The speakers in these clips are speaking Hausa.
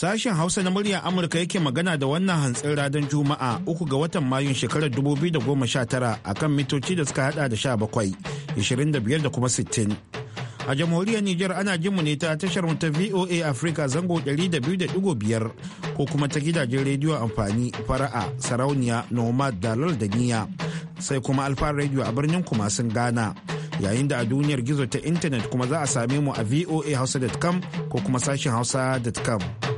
Sashen Hausa na muryar Amurka yake magana da wannan hantsin radon Juma'a uku ga watan Mayun shekarar 2019 a kan mitoci da suka hada da 17, 25 da kuma 60. A jamhuriyar Nijar ana jin mu ne ta tashar ta VOA Africa zango 200.5 ko kuma ta gidajen rediyo amfani fara'a sarauniya nomad dalal da niya sai kuma alfa rediyo a birnin kuma sun gana yayin da a duniyar gizo ta intanet kuma za a same mu a VOA hausa.com ko kuma sashen hausa.com.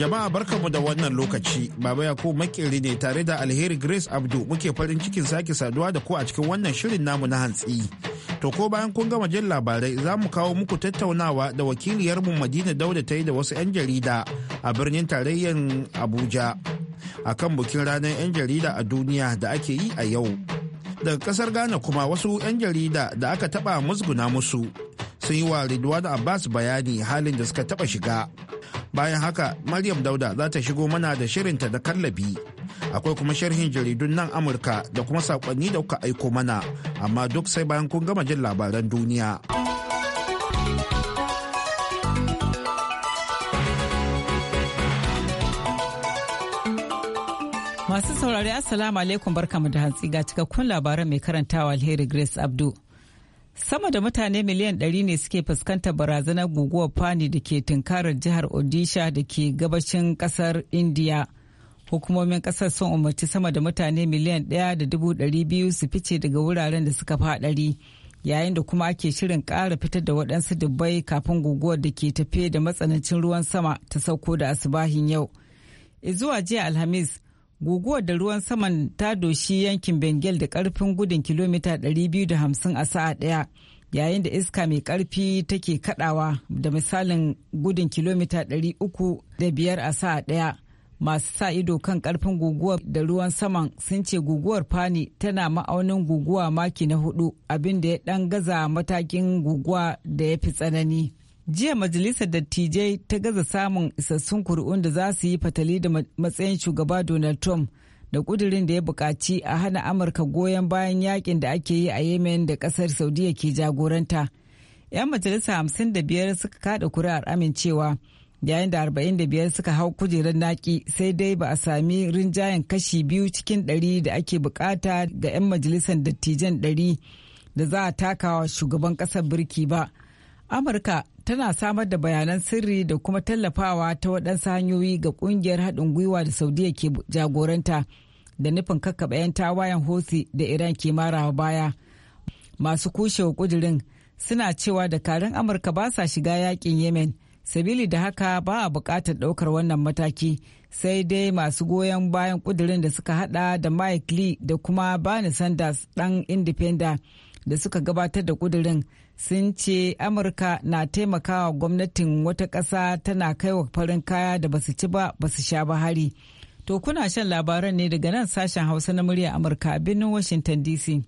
Jama'a mu da wannan lokaci, Baba ya Yakubu makeri ne tare da Alheri Grace Abdu muke farin cikin sake saduwa da ku a cikin wannan shirin namu na hantsi. To ko bayan kun gama jin labarai za mu kawo muku tattaunawa da wakiliyarmu Madina Dauda ta yi da wasu 'yan jarida a birnin tarayyar Abuja a kan bukin ranar 'yan jarida a duniya da ake yi a yau. Daga kasar Ghana kuma wasu 'yan jarida da aka taba musguna musu sun yi wa Ridwan Abbas bayani halin da suka taba shiga. bayan haka maryam dauda za ta shigo mana da shirinta da kallabi akwai kuma sharhin jaridun nan amurka da kuma sakonni da kuka aiko mana amma duk sai bayan kun gama jin labaran duniya masu saurari assalamu alaikum barkamu da hantsi ga cikakkun labaran mai karantawa alheri grace abdu Sama da mutane miliyan ɗari ne suke fuskantar barazanar guguwar fani da ke tunkarar jihar Odisha da ke gabashin kasar India. Hukumomin ƙasar sun umarci sama da mutane miliyan ɗaya da dubu ɗari biyu su fice daga wuraren da suka faɗari. Yayin da kuma ake shirin ƙara fitar da waɗansu dubbai kafin guguwar da ke tafe da matsanancin ruwan sama ta sauko da asibahin yau. Izuwa jiya Alhamis, guguwar da ruwan saman ta doshi yankin bengal da karfin gudun kilomita 250 a sa'a daya yayin da iska mai karfi take kadawa da misalin gudun kilomita 305 a sa'a daya masu sa ido kan karfin guguwar da ruwan saman sun ce guguwar fani tana ma'aunin guguwa maki na hudu abinda ya dan gaza matakin guguwa da ya fi tsanani jiya majalisar dattijai ta gaza samun isassun kuri'un da za su yi fatali da matsayin shugaba donald trump da kudirin da ya bukaci a hana amurka goyon bayan yakin da ake yi a yemen da ƙasar saudiya ke jagoranta 'yan majalisa hamsin da biyar suka kada kuri'ar amincewa yayin da arba'in da biyar suka hau kujerar naki sai dai ba a sami rinjayen kashi biyu cikin ɗari da ake bukata ga 'yan majalisar dattijan ɗari da za a takawa shugaban ƙasar birki ba amurka tana samar da bayanan sirri da kuma tallafawa ta waɗansu hanyoyi ga ƙungiyar haɗin gwiwa da saudiya ke jagoranta da nufin kakkaɓe 'yan tawayen hosi da iran ke marawa baya masu kushewa kudirin suna cewa dakarun amurka ba sa shiga yakin yemen sabili da haka ba a buƙatar ɗaukar wannan mataki sai dai masu goyon bayan kudirin da suka hada da mike lee da kuma bani sanders ɗan indifenda da suka gabatar da kudirin sun ce amurka na taimakawa gwamnatin wata ƙasa tana kaiwa farin kaya da basu ci ba basu sha ba hari to kuna shan labaran ne daga nan sashen hausa na murya amurka a birnin washington dc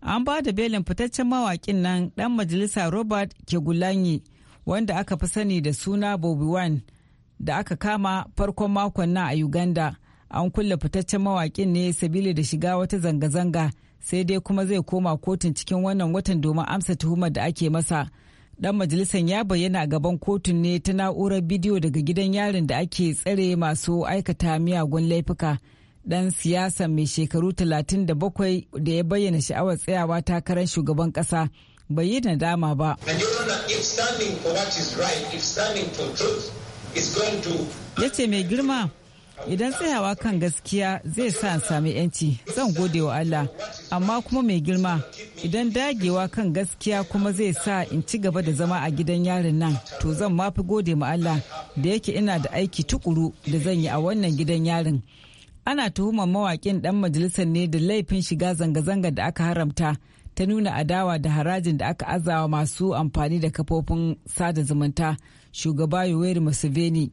an ba da belin fitaccen mawaƙin nan ɗan majalisa robert kegulanyi wanda aka fi sani da suna bobi wan da aka kama farkon makon nan a uganda an kulle fitaccen mawaƙin ne sabili da shiga wata zanga-zanga sai dai kuma zai koma kotun cikin wannan watan domin amsa tuhumar da ake masa dan majalisan ya bayyana a gaban kotun ne ta na'urar bidiyo daga gidan yarin da ake tsare masu aikata miyagun laifuka dan siyasa mai shekaru 37 da ya bayyana sha'awar tsayawa takarar shugaban kasa bai yi nadama ba ya ce mai girma idan tsayawa kan gaskiya zai sa sami yanci zan gode wa Allah amma kuma mai girma idan dagewa kan gaskiya kuma zai sa in ci gaba da zama a gidan yarin nan to zan mafi gode ma Allah da yake ina da aiki tukuru da zan yi a wannan gidan yarin ana tuhumar mawaƙin ɗan majalisar ne da laifin shiga zanga-zanga da aka haramta ta nuna adawa da harajin da aka azawa masu amfani da kafofin sada zumunta shugaba yoweri museveni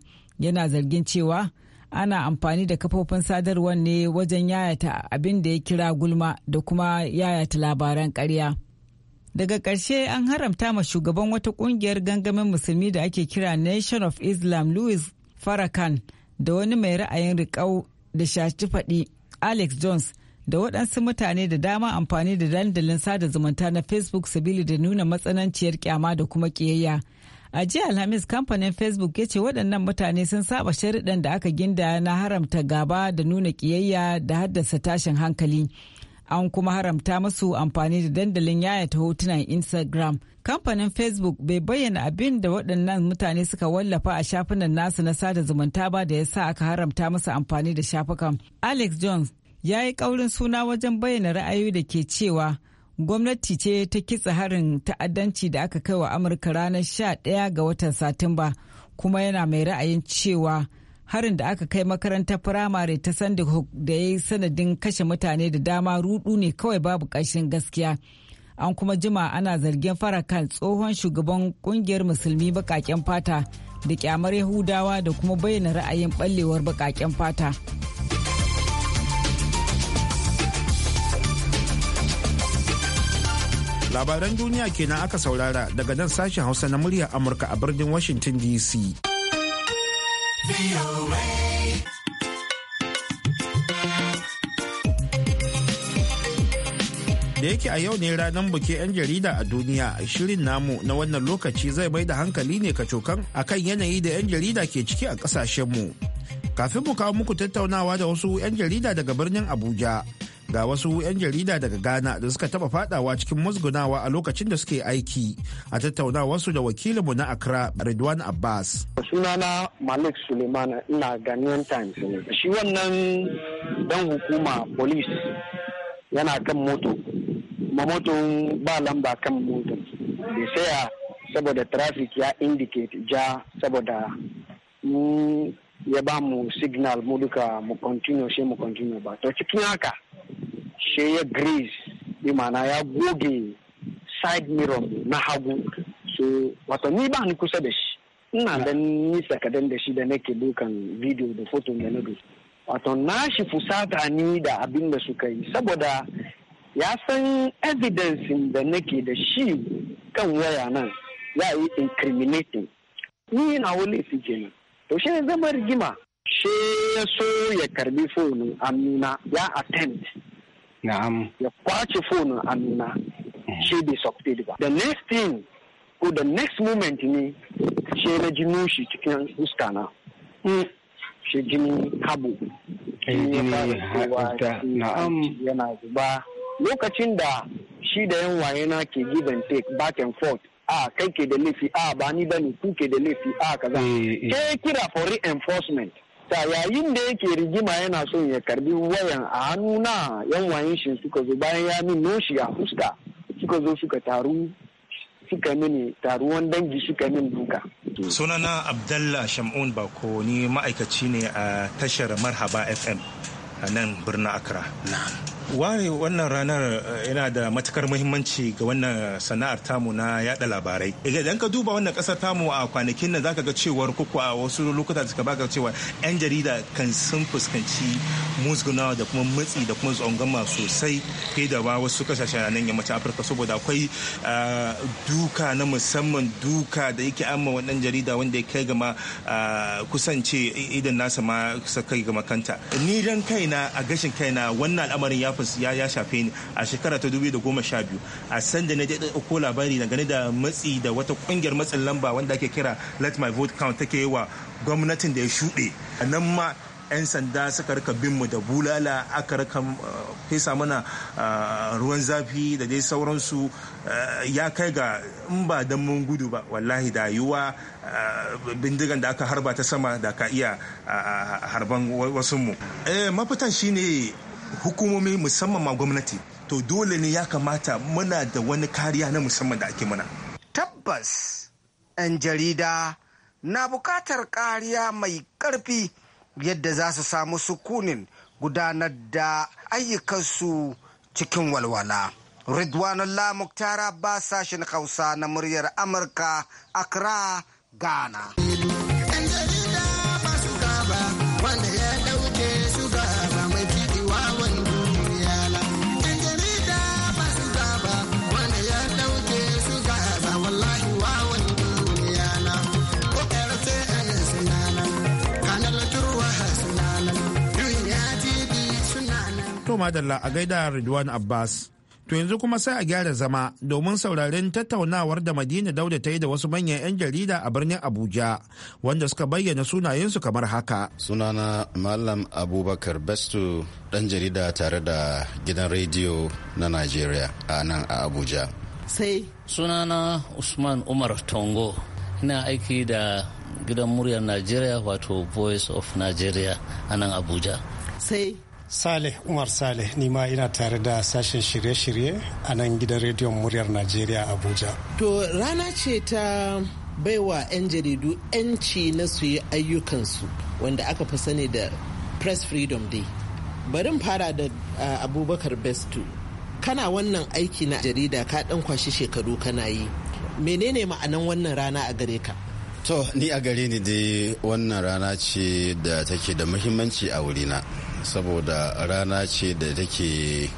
yana zargin cewa ana amfani da kafofin sadarwar ne wajen yayata abin da ya kira gulma da kuma yayata labaran karya. Daga ƙarshe an haramta ma shugaban wata ƙungiyar gangamin musulmi da ake kira Nation of Islam Louis Farrakhan da wani mai ra'ayin riƙau da shaci faɗi Alex Jones da waɗansu mutane da dama amfani da dandalin sada zumunta na Facebook sabili da nuna matsananciyar kyama da kuma ƙiyayya. A jiya Alhamis kamfanin Facebook ya ce waɗannan mutane sun saba sharuɗan da aka ginda na haramta gaba da nuna ƙiyayya da haddasa tashin hankali. An kuma haramta musu amfani da dandalin yaya ta hotunan Instagram. Kamfanin Facebook bai bayyana abin da waɗannan mutane suka wallafa a shafinan nasu na sada zumunta ba da ya sa aka haramta musu amfani da shafukan. Alex Jones ya yi ƙaurin suna wajen bayyana ra'ayoyi da ke cewa gwamnati ce ta kitsa harin ta'addanci da aka kai wa amurka ranar 11 ga watan satumba kuma yana mai ra'ayin cewa harin da aka kai makarantar firamare ta hook da ya yi sanadin kashe mutane da dama rudu ne kawai babu ƙarshen gaskiya an kuma jima ana zargin farakan tsohon shugaban kungiyar musulmi baƙaƙen fata da kyamar yahudawa da kuma bayyana ra'ayin ɓallewar baƙaƙen fata labaran duniya kenan aka saurara daga nan sashen hausa na muryar amurka a birnin washington dc da yake a yau ne ranar buke 'yan jarida a duniya shirin namu na wannan lokaci zai mai da hankali ne kacokan kan yanayi da 'yan jarida ke ciki a kasashenmu Kafin mu kawo muku tattaunawa da wasu 'yan jarida daga birnin Abuja, ga wasu 'yan jarida daga Ghana da suka taba fadawa cikin musgunawa a lokacin da suke aiki a su da wakilinmu na Accra Ridwan Abbas. Sunana Malik Suleiman ina Ghanaian Times ne. Shi wannan dan hukuma police yana kan moto, ma moton ba lamba kan moton. Bai saya saboda traffic ya indicate ja saboda ya ba mu signal mu duka mu continue shi mu continue ba to cikin haka shi ya grease bi mana ya goge side mirror na hagu so wato ni ba ni kusa da shi ina da nisa kadan da shi da nake dukan video da photo da na wato na shi fusata ni da abin da suka yi saboda ya san evidence da nake da shi kan waya nan ya yi incriminating ni na wani kenan to shi ne zama rigima she ya so ya karbi fonin annuna ya attempt na'am ya kwace fonin annuna mm. she bai succeed ba the next thing ko the next moment ne she na ji nushi cikin fuska na mm. shi jini kabo eh, yana zuba lokacin da shi da yan waye na ke give and take back and forth a kai ke da laifi a ba ni bane ku ke da laifi a kaza eh, eh. ke kira for reinforcement ta yayin da yake rigima yana son ya karbi wayan a na yan wayan shi suka zo bayan ya min noshi a fuska suka zo suka taru suka mini taruwan dangi suka min duka. sunana abdallah shamun bako ni ma'aikaci ne a tashar marhaba fm a nan birnin accra wani wannan ranar eh, yana da matukar muhimmanci ga wannan sana'ar tamu na yada labarai idan ka duba wannan kasar tamu a kwanakin nan zaka ga cewar kuku a wasu lokuta suka baka cewa yan jarida kan sun fuskanci musgunawa da kuma matsi da kuma tsangwama sosai kai da ba wasu kasashen nan yammacin afirka saboda akwai eh, duka na musamman duka da yake amma wannan jarida wanda ya kai gama eh, kusance idan nasa ma kai gama kanta ni dan kaina a gashin kaina wannan al'amarin ya ya shafe ni a shekara ta dubi da goma sha biyu a sanda na daɗa ko labari na gane da matsi da wata kungiyar matsin lamba wanda ake kira let my vote count take yi wa gwamnatin da ya shuɗe a nan ma 'yan sanda suka rika bin mu da bulala aka rika eh, fesa mana eh, ruwan zafi da dai sauransu eh, ya kai ga in ba don mun gudu ba wallahi da yiwa bindigan da aka harba ta sama da ka iya harban wasu mu mafitan shine hukumomi musamman ma gwamnati to dole ne ya kamata muna da wani kariya na musamman da ake muna tabbas 'yan jarida na buƙatar kariya mai ƙarfi yadda za su samu sukunin gudanar da ayyukansu cikin walwala ridwanullah muktara ba sashen hausa na muryar amurka accra ghana To madalla a gaida Ridwan Abbas. To yanzu kuma sai a gyara zama domin sauraren tattaunawar da Madina Dauda ta yi da wasu manyan 'yan jarida a birnin Abuja wanda suka bayyana sunayensu kamar haka. Sunana Malam Abubakar Bestu dan jarida tare da gidan rediyo na Najeriya a nan a Abuja. Sai sunana Usman Umar Tongo ina aiki da gidan muryar Najeriya wato Voice of Nigeria a nan Abuja. Sai Saleh Umar Saleh ni ma ina tare da sashen shirye-shirye a nan gidan rediyon muryar Najeriya Abuja. To rana ce ta baiwa 'yan jaridu 'yanci na su yi ayyukansu wanda aka fi sani da Press Freedom Day. bari fara da uh, Abubakar Bestu. Kana wannan aiki na jarida ka ɗan kwashi shekaru kana yi. Menene ma'anan wannan rana a gare ka? To, ni a gare ni dai wannan rana ce da take da muhimmanci a wurina. saboda rana ce da take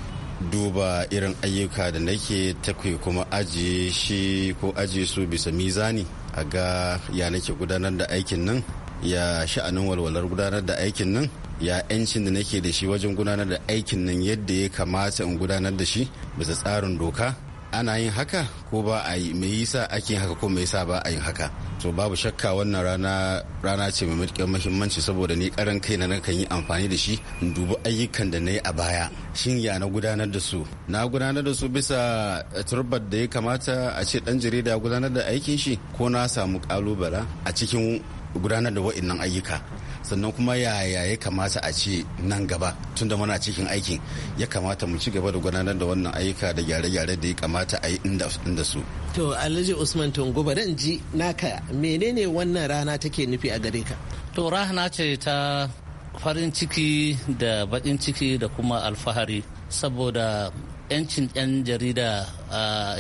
duba irin ayyuka da nake take kuma ajiye shi ko ajiye su bisa mizani a ga ya nake gudanar da aikin nan ya sha'anin walwalar gudanar da aikin nan ya 'yancin da nake da shi wajen gudanar da aikin nan yadda ya kamata in gudanar da shi bisa tsarin doka ana yin haka ko ba a yi me yisa ake haka ko me yisa ba a yin haka to babu shakka wannan rana rana ce mai matuƙar mahimmanci saboda ni karan kai na kan yi amfani da shi in dubi ayyukan da na yi a baya shin ya na gudanar da su na gudanar da su bisa turbar da ya kamata a ce dan jarida ya gudanar da aikin shi ko na samu kalubala a cikin gudanar da wa'annan ayyuka sannan kuma yaya ya kamata a ce nan gaba tun da muna cikin aikin ya kamata mu ci gaba da gudanar da wannan ayyuka da gyare-gyare da ya kamata a yi inda su. To Alhaji Usman Tungo dan ji naka menene wannan rana take nufi a gare ka? To rana ce ta farin ciki da baƙin ciki da kuma alfahari saboda 'yancin 'yan jarida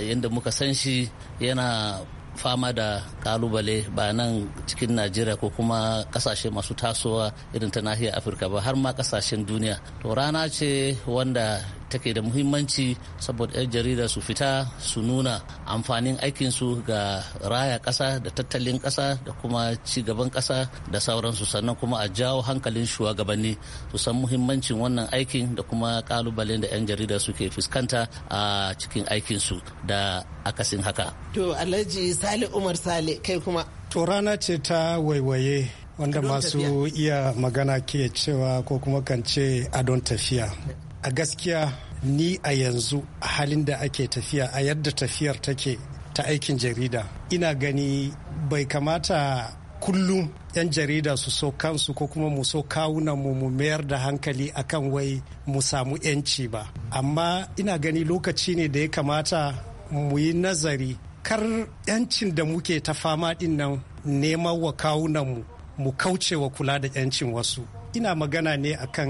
yadda muka san shi yana fama da kalubale ba nan cikin najeriya ko kuma kasashe masu tasowa irin ta nahiyar afirka ba har ma kasashen duniya to rana ce wanda take da muhimmanci saboda 'yan jarida su fita su nuna amfanin aikinsu ga raya ƙasa da tattalin ƙasa da kuma ci gaban ƙasa da sauransu sannan kuma a jawo hankalin shugabanni su san muhimmancin wannan aikin da kuma ƙalubalen da 'yan jarida suke fuskanta a cikin aikinsu da akasin haka. To Alhaji Sale Umar Sale kai kuma. To rana ce ta waiwaye wanda masu iya magana ke cewa ko kuma kan ce a don tafiya. A gaskiya ni a yanzu a halin da ake tafiya a yadda tafiyar take ta aikin jarida ina gani bai kamata kullum 'yan jarida su so kansu ko kuma mu so kawunan mu mu mayar da hankali akan wai mu samu 'yanci ba amma ina gani lokaci ne da ya kamata mu yi nazari kar 'yancin da muke ta fama din nan neman wa kawunan mu mu kauce wa kula da 'yancin wasu ina magana ne akan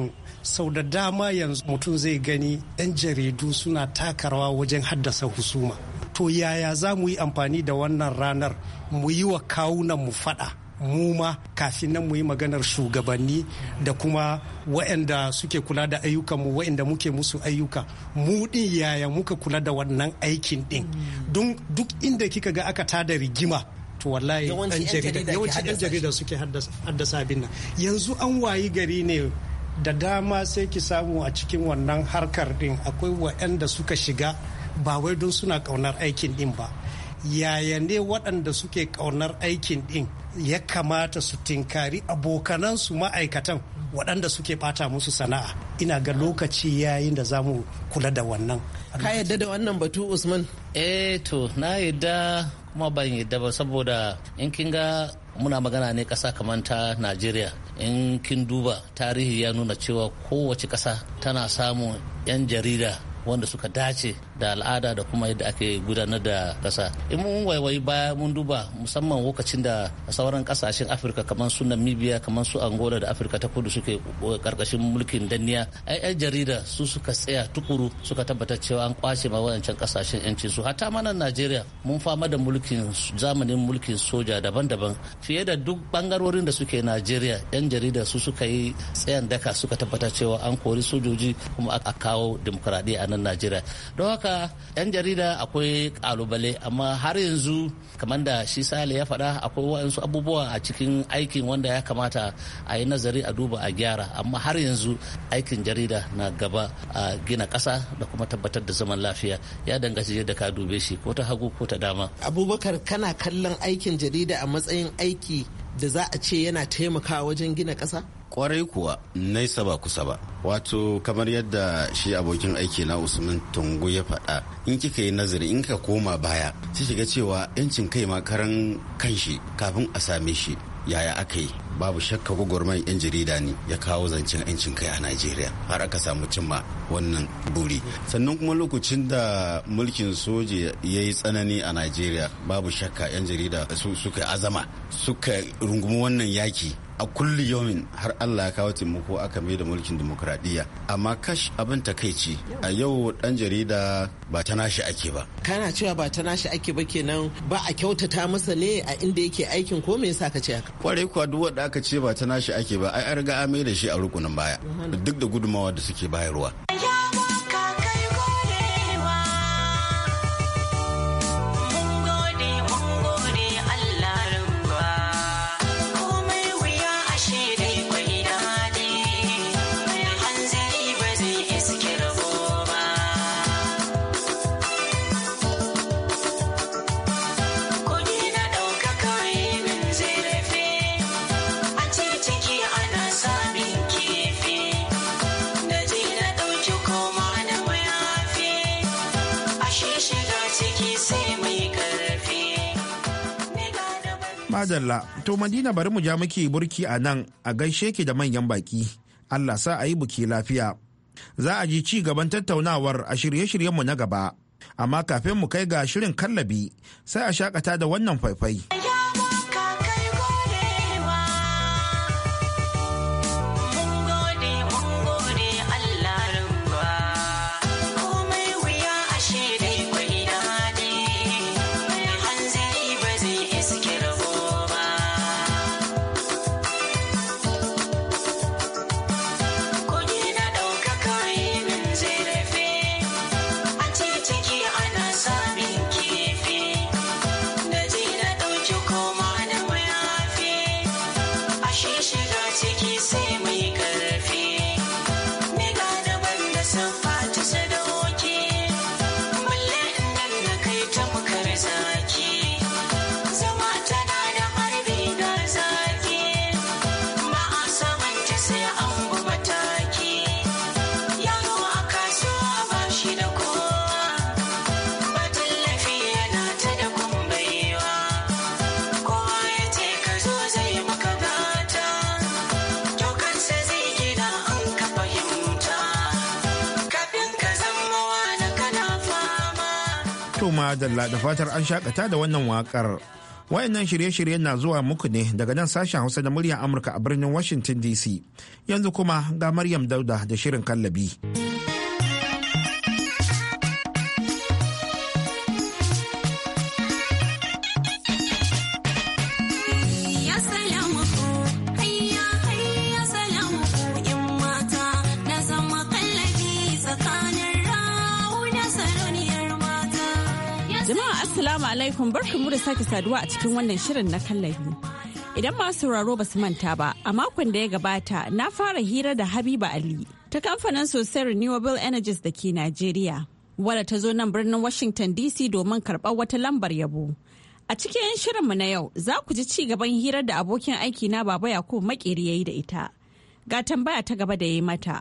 sau da dama yanzu mutum zai gani 'yan jaridu suna takarwa wajen haddasa husuma to yaya za mu yi amfani da wannan ranar mu yi wa kawunan mu fada mu ma kafin nan mu yi maganar shugabanni da kuma waɗanda suke kula da mu waɗanda muke musu ayyuka mu ɗin yaya muka kula da wannan aikin ɗin don duk inda kika ga aka tada rigima wato wallahi jarida yawanci dan jarida suke haddasa abin nan yanzu an wayi gari ne da dama sai ki samu a cikin wannan harkar din akwai waɗanda suka shiga ba wai don suna ƙaunar aikin din ba yaya ne waɗanda suke ƙaunar aikin din ya kamata su tinkari abokanansu ma'aikatan waɗanda suke fata musu sana'a ina ga lokaci yayin da zamu kula da wannan ka yadda da wannan batu usman eh to na yadda kuma ban yadda ba saboda in kin ga muna magana ne ƙasa kamar ta najeriya in kin duba tarihi ya nuna cewa kowace ƙasa tana samun 'yan jarida wanda suka dace da al'ada da kuma yadda ake gudanar da ƙasa in mun waiwayi baya mun duba musamman lokacin da sauran kasashen afirka kamar su namibia kamar su angola da afirka ta kudu suke karkashin uh, mulkin danniya ai yan jarida su suka tsaya tukuru suka tabbatar cewa an kwace ma wayancan ƙasashen yanci su hatta ma nan najeriya mun fama da mulkin zamanin mulkin soja daban-daban fiye da duk bangarorin da suke najeriya yan jarida su suka yi tsayan daka suka tabbatar cewa an kori sojoji kuma aka kawo dimokuraɗiyya a nan najeriya don haka 'yan jarida akwai kalubale amma har yanzu kamar da shi sale ya faɗa akwai waɗansu abubuwa a cikin aikin wanda ya kamata a yi nazari a duba a gyara amma har yanzu aikin jarida na gaba a gina ƙasa da kuma tabbatar da zaman lafiya ya dangaci da ka dube shi ko ta hagu ko ta dama abubakar kana kallon aikin jarida a matsayin aiki da za a ce yana taimakawa wajen gina kasa. kwarai kuwa naisa ba kusa ba wato kamar yadda shi abokin aiki na usman tungu ya faɗa in kika yi nazari in ka koma baya sai shiga cewa yancin kai ma karan kanshi kafin a same shi yaya aka yi babu shakka gwagwarmayar 'yan jarida ne ya kawo zancen 'yancin kai a najeriya har aka samu cimma wannan buri sannan kuma lokacin da mulkin soja ya yi tsanani a najeriya babu shakka 'yan jarida suka azama suka rungumi wannan yaki a kulli yomin har Allah ya kawo taimako aka mai da mulkin demokradiyya amma kash abin takaici a yau dan jarida ba ta nashi ake ba kana cewa ba ta nashi ake ba kenan ba a kyautata masa ne a inda yake aikin ko me yasa ka ce haka kwarai kuwa duk wanda aka ce ba ta nashi ake ba ai an riga an mai da shi a rukunin baya duk da gudumawa da suke bayarwa madalla to madina bari mu ja muke burki a nan a gaishe ki da manyan baki allah sa a yi buki lafiya za a ji ci gaban tattaunawar a shirye-shiryenmu na gaba amma kafin mu kai ga shirin kallabi sai a shakata da wannan faifai. madalla da fatar an shakata da wannan wakar. Wayannan shirye-shiryen na zuwa muku ne daga nan sashen Hausa da muryar Amurka a birnin Washington DC. Yanzu kuma ga Maryam Dauda da shirin kallabi. alaikum barkamu da sake saduwa a cikin wannan shirin na kallabi. Idan masu sauraro ba su manta ba, a makon da ya gabata na fara hira da Habiba Ali ta kamfanin sosai Renewable Energies da ke Najeriya. Wadda ta zo nan birnin Washington DC domin karɓar wata lambar yabo. A cikin shirinmu na yau za ku ji ci gaban hirar da abokin aiki na Baba yakub Makeri ya yi da ita. Ga tambaya ta gaba da ya yi mata.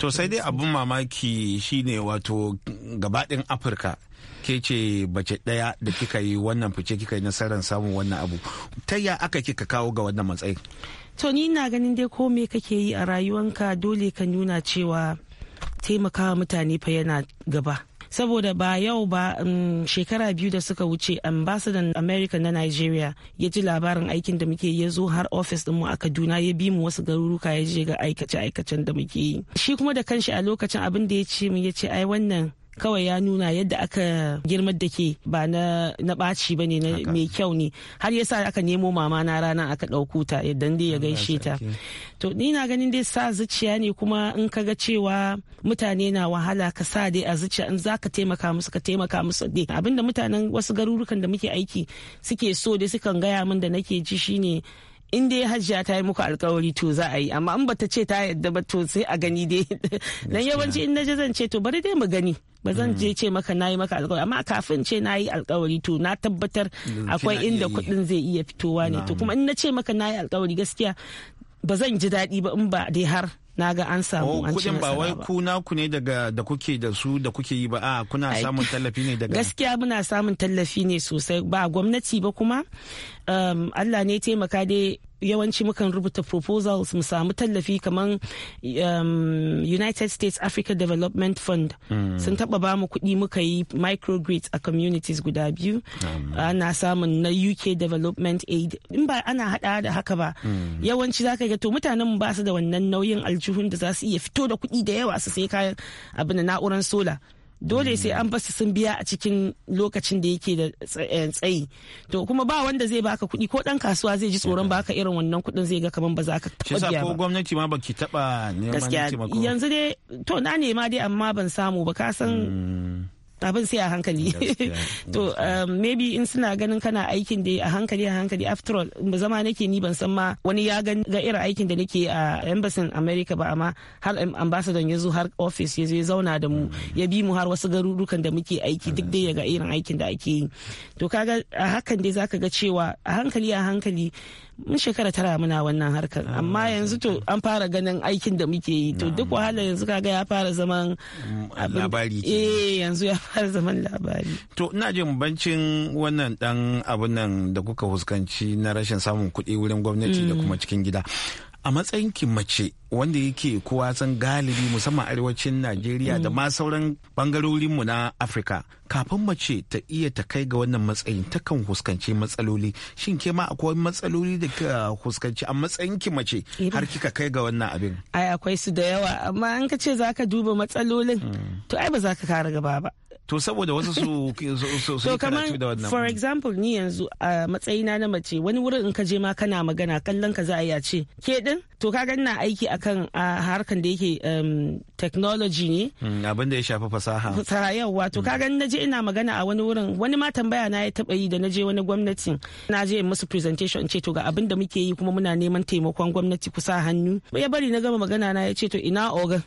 To sai dai abin mamaki shine wato gabaɗin Afirka ke ce bace ɗaya da kika yi wannan fice kika yi nasarar samun wannan abu ta ya aka kika kawo ga wannan matsayin to ni na ganin dai ko me kake yi a rayuwanka dole ka nuna cewa taimakawa mutane fa yana gaba saboda ba yau ba um, shekara biyu da suka wuce ambasadan america na nigeria ya ji labarin aikin da muke ya zo har ofis dinmu a kaduna ya bi mu wasu garuruka ya je ga aikace aikacen da muke yi shi kuma da kanshi a lokacin abin da ya ce mu ya ce ai wannan kawai ya nuna yadda aka girma da ke ba na ɓaci ba ne mai kyau ne har yasa aka nemo mama na rana aka ɗauko ta yadda dai ya gaishe ta to ni na ganin dai sa zuciya ne kuma in ka ga cewa mutane na wahala ka sa dai a zuciya in za ka taimaka musu ka taimaka musu dai abinda mutanen wasu garurukan da muke aiki suke so dai sukan gaya min da nake ji shine in dai hajiya ta yi muku alkawari to za a yi amma in bata ce ta yadda ba to sai a gani dai dan yawanci in naje zan ce to bari dai mu gani ba zan je mm. ce maka nayi maka alkawari amma kafin ce nayi alkawari to na tabbatar akwai inda kuɗin zai iya fitowa ne to kuma in na ce maka nayi alkawari gaskiya ba zan ji daɗi ba in ba dai har na ga an samu oh, an ci ba wai ku naku ne daga da kuke da su da kuke yi ba a ah, kuna samun tallafi ne daga gaskiya muna samun tallafi ne sosai ba gwamnati ba kuma um, Allah ne taimaka dai yawanci mukan rubuta proposals mu samu tallafi kamar um, united states africa development fund mm. sun taba ba mu kuɗi muka yi microgrids a communities guda biyu mm. ana samun na uk development aid in ba ana hada da haka ba mm. yawanci zaka ga to mutanen mu ba su da wannan nauyin aljihun da za su iya fito da kuɗi da yawa su sai kayan abin da na'uran sola dole mm. sai an basu sun biya a cikin lokacin da yake da eh, tsayi to kuma ba wanda zai baka kuɗi ko dan kasuwa zai ji tsoron eh. baka irin wannan kuɗin zai ga kaman ba za ka taɓa biya ba ko gwamnati ma baki taɓa neman taimako yanzu dai to na nema dai amma ban samu ba ka san mm. abin sai a hankali to um, maybe in suna ganin kana aikin da a hankali a hankali after all zama nake ni ban san ma wani ya ga irin aikin da nake a embassy america ba amma har ambassador ya zo har office ya ya zauna da mu mm. ya bi mu har wasu garurukan da muke aiki duk dai ya ga irin aikin da ake yi to kaga a hakan dai zaka ga cewa a hankali a hankali mun shekara tara muna wannan harkar ah, amma yanzu to an fara ganin aikin da muke yi to duk wahala yanzu kaga ya fara zaman mm, labari eh yanzu ya fara zaman labari to ina jin bancin wannan dan abun nan da kuka fuskanci na rashin samun kuɗi wurin gwamnati da mm. kuma cikin gida a matsayin ki mace wanda yake kowa san galibi musamman arewacin najeriya da ma sauran bangarorin mu na afirka kafin mace ta iya ta kai ga wannan matsayin ta kan huskanci matsaloli shin ke ma akwai matsaloli da ka huskanci a matsayin ki mace har kika kai ga wannan abin ai akwai su da yawa amma an ka ce zaka duba matsalolin hmm. to ai ba za ka kara gaba ba to saboda wasu su su da for example ni yanzu a matsayina na mace wani wurin in ka je ma kana magana kallon ka za a yi ce ke din to ka ga ina aiki akan harkan da yake um, technology ne mm, abin da ya shafi fasaha fasaha yawa to ka mm. ga na je ina magana a wani wurin wani ma tambaya na ya taba yi da na je wani gwamnati. na je musu presentation ce to ga abin da muke yi kuma muna neman taimakon gwamnati kusa hannu ya bari na gama magana na ya ce to ina ogan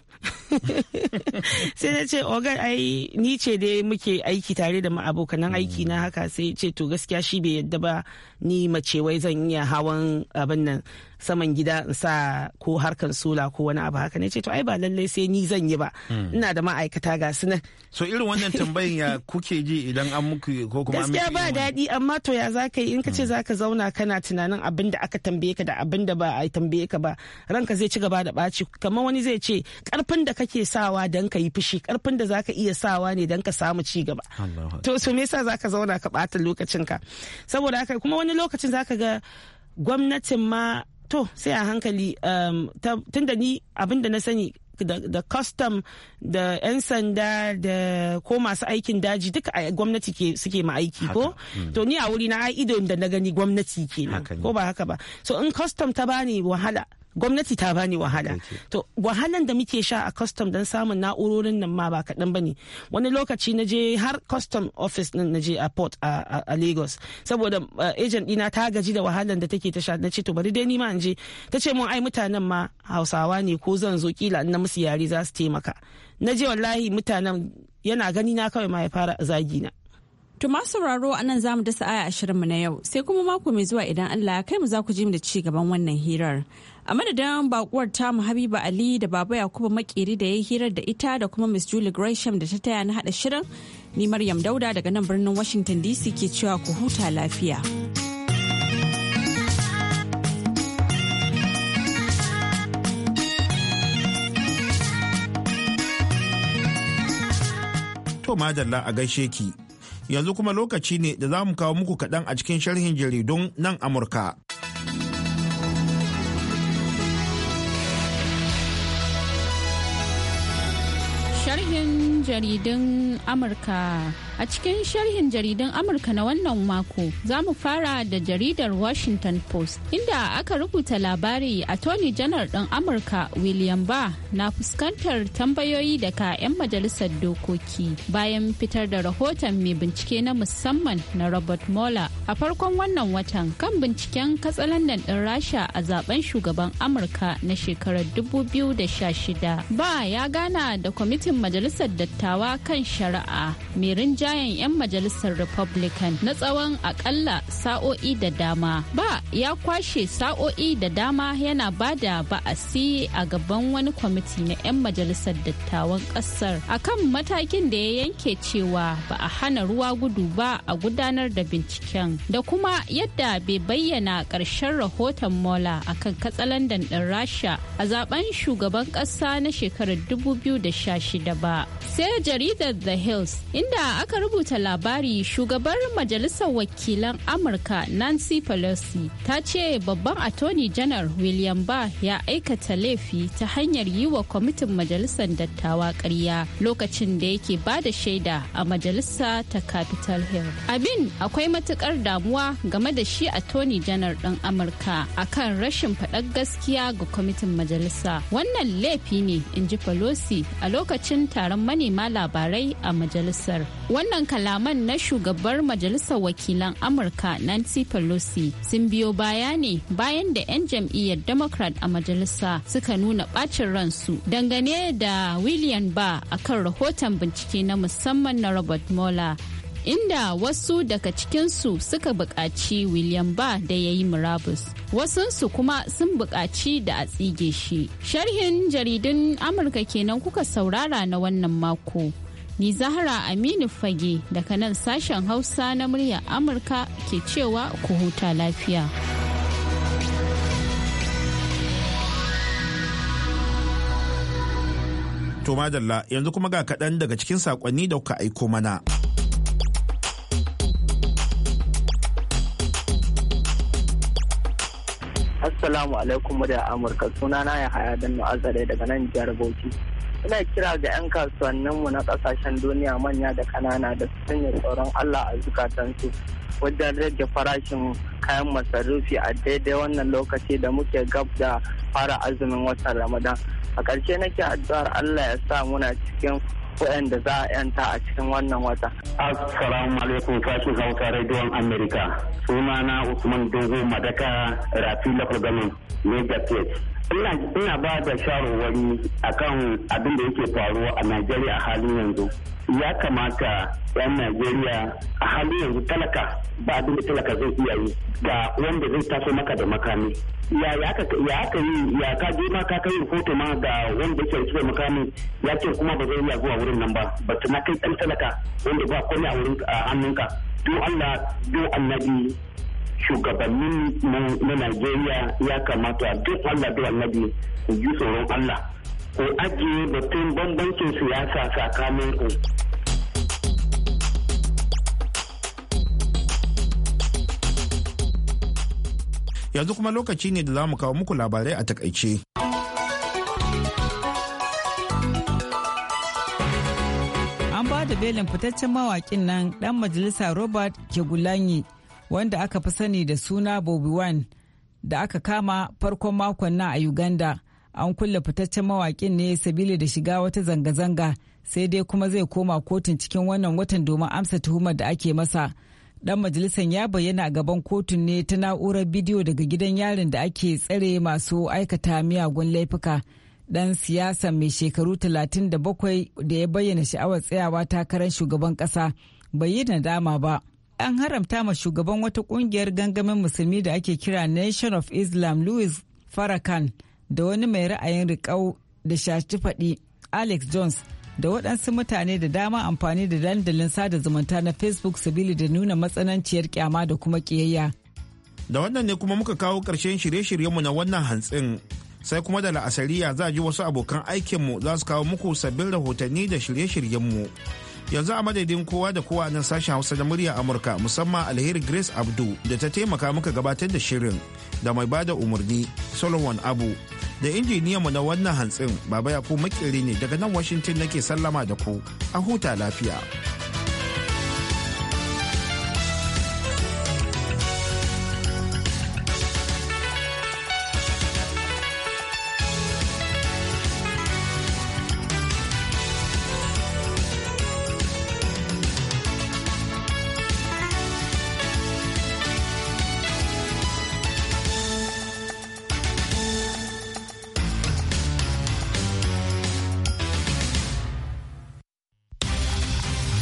sai na ce ogan ai ni ce dai muke aiki tare da ma abokanan hmm. aiki na haka sai ce to gaskiya shi bai yadda ba ni mace wai zan iya hawan abin nan saman gida in sa ko harkan sola ko wani abu haka ne ce to ai ba lallai sai ni zan yi ba hmm. ina da ma'aikata ga su so irin wannan tambayin ya kuke ji idan an muku ko kuma gaskiya ba daɗi amma to ya zaka yi in ka ce hmm. zaka zauna kana tunanin abin da aka tambaye ka da abin da ba a tambaye ka ba ranka zai ci gaba da ɓaci kamar wani zai ce karfin da kake sawa dan ka yi fushi karfin da zaka iya sawa ne dan ka samu ci gaba to so me yasa zaka zauna ka ɓata lokacin ka saboda haka kuma wani wani lokacin za ka ga gwamnatin ma to sai a hankali um, tun da ni abin da na sani da custom da 'yan sanda da ko masu aikin daji duka a gwamnati suke ma aiki ko hmm. to ni a wuri na ido da na gani gwamnati kenan ko ba haka ba so in custom ta bani wahala gwamnati ta bani wahala to wahalan da muke sha a custom don samun na'urorin nan ma ba kaɗan ba ne wani lokaci na je har custom office nan na je a port a, a, lagos saboda eh, agent dina ta gaji da wahalan da take ta sha na ce to bari dai ni ma in je ta ce mun ai mutanen ma hausawa ne ko zan zo kila na musu yare za su taimaka na je wallahi mutanen yana gani na kawai ma ya fara zagi na masu sauraro a nan za mu dasa aya ashirin mu na yau sai kuma mako mai zuwa idan Allah kai mu za ku ji mu da ci gaban wannan hirar. A madadin bakuwar tamu Habiba Ali da Baba Yakubu Makeri da ya hirar da ita da kuma Miss Julie Gresham da ta taya na hada shirin ni Maryam Dauda daga nan birnin Washington DC ke cewa ku huta lafiya. To madalla a gaishe ki yanzu kuma lokaci ne da za mu kawo muku kaɗan a cikin sharhin jaridun nan amurka sharhin jaridun amurka A cikin sharhin jaridan Amurka na wannan mako za mu fara da jaridar Washington Post inda aka rubuta labari a Tony Janar ɗin Amurka William Barr na fuskantar tambayoyi daga 'yan majalisar dokoki bayan fitar da rahoton mai bincike na musamman na Robert Mueller a farkon wannan watan kan binciken katsalandan ɗin Rasha a zaben shugaban Amurka na shekarar dubu biyu da shida Ba ya gana da kwamitin majalisar dattawa kan shari'a mai rinjayen 'yan majalisar Republican na tsawon akalla sa'o'i da dama. Ba ya kwashe sa'o'i da dama yana ba da ba'asi a gaban wani kwamiti na 'yan majalisar dattawan ƙasar akan matakin da ya yanke cewa ba a hana ruwa gudu ba a gudanar da binciken da kuma yadda bai bayyana ƙarshen rahoton mola akan katsalandan ɗin rasha a zaben shugaban ƙasa na shekarar 2016 ba sai jaridar the hills inda aka aka rubuta labari shugabar majalisar wakilan amurka nancy pelosi ta ce babban attorney janar william ba ya aikata laifi ta hanyar yi wa kwamitin majalisar dattawa karya lokacin da yake ba da shaida a majalisa ta capitol hill abin akwai matukar damuwa game da shi attorney janar ɗin amurka akan rashin faɗar gaskiya ga kwamitin majalisa wannan laifi ne in ji pelosi a lokacin taron manema labarai a majalisar Wannan kalaman na shugabar Majalisar Wakilan Amurka Nancy Pelosi sun biyo baya ne bayan da 'yan jam'iyyar Democrat a majalisa suka nuna ɓacin ransu dangane da William Barr akan rahoton bincike na musamman na Robert Mueller. inda wasu daga cikinsu suka buƙaci William Ba da ya yi murabus. Wasunsu kuma sun buƙaci da a tsige shi. Sharhin jaridun Amurka kenan kuka saurara na wannan mako. Ni Zahra Aminu Fage daga nan sashen Hausa na murya Amurka ke cewa ku huta lafiya. To madalla yanzu kuma ga kaɗan daga cikin saƙonni da kuka aiko mana. Assalamu alaikum da Amurka sunana ya haya don azare daga nan jihar Bauchi. ina kira ga 'yan kasuwanninmu na kasashen duniya manya da kanana da su sanya tsoron Allah a zukatansu wajen rage farashin kayan masarufi a daidai wannan lokaci da muke gab da fara azumin watan Ramadan. A ƙarshe nake addu'ar Allah ya sa muna cikin kuɗin da za a yanta a cikin wannan wata. Assalamu alaikum sashen Hausa Rediyon Amerika. Sunana Usman Dogo Madaka Rafi Lakwagamin, Niger State. ina ba da shawarwari akan abin da yake faruwa a najeriya a halin yanzu ya kamata 'yan najeriya a halin yanzu talaka ba abin da talaka zai iya yi ga wanda zai taso maka da makami ya aka yi ya ka je ma ka kai rahoto ma ga wanda yake rike makami ya ce kuma ba zai iya zuwa wurin nan ba ba na kai dan talaka wanda ba komai a wurin hannunka to Allah do annabi shugabannin mu na Najeriya ya kamata duk Allah da annabi su ji tsoron Allah ko ajiye batun bambancin siyasa tsakanin ku. Yanzu kuma lokaci ne da za mu kawo muku labarai a takaice. An ba da belin fitaccen mawaƙin nan ɗan majalisa Robert Kegulanyi wanda aka fi sani da suna Bobi Wine da aka kama farkon makon nan a Uganda an kulle fitaccen mawaƙin ne sabili da shiga wata zanga-zanga sai dai kuma zai koma kotun cikin wannan watan domin amsa tuhumar da ake masa. Dan majalisan ya bayyana a gaban kotun ne ta na'urar bidiyo daga gidan yarin da ake tsare masu aikata miyagun laifuka. Dan siyasa mai shekaru 37 da ya bayyana sha'awar tsayawa takarar shugaban ƙasa bai yi nadama ba. an haramta ma shugaban wata kungiyar gangamin musulmi da ake kira Nation of Islam Louis Farrakhan da wani mai ra'ayin riƙau da shaci faɗi Alex Jones da waɗansu mutane da dama amfani da dandalin sada zumunta na Facebook sabili da nuna matsananciyar kyama da kuma ƙiyayya. Da wannan ne kuma muka kawo ƙarshen shirye-shiryenmu na wannan hantsin. Sai kuma da la'asariya za ji wasu abokan aikinmu za su kawo muku sabbin rahotanni da shirye-shiryenmu. yanzu a madadin kowa da kowa nan sashen hausa da murya amurka musamman alheri grace abdu da ta taimaka muka gabatar da shirin da mai bada umarni solomon abu da injiniyanmu na wannan hantsin baba ya makiri ne daga nan washington nake sallama da ku a huta lafiya.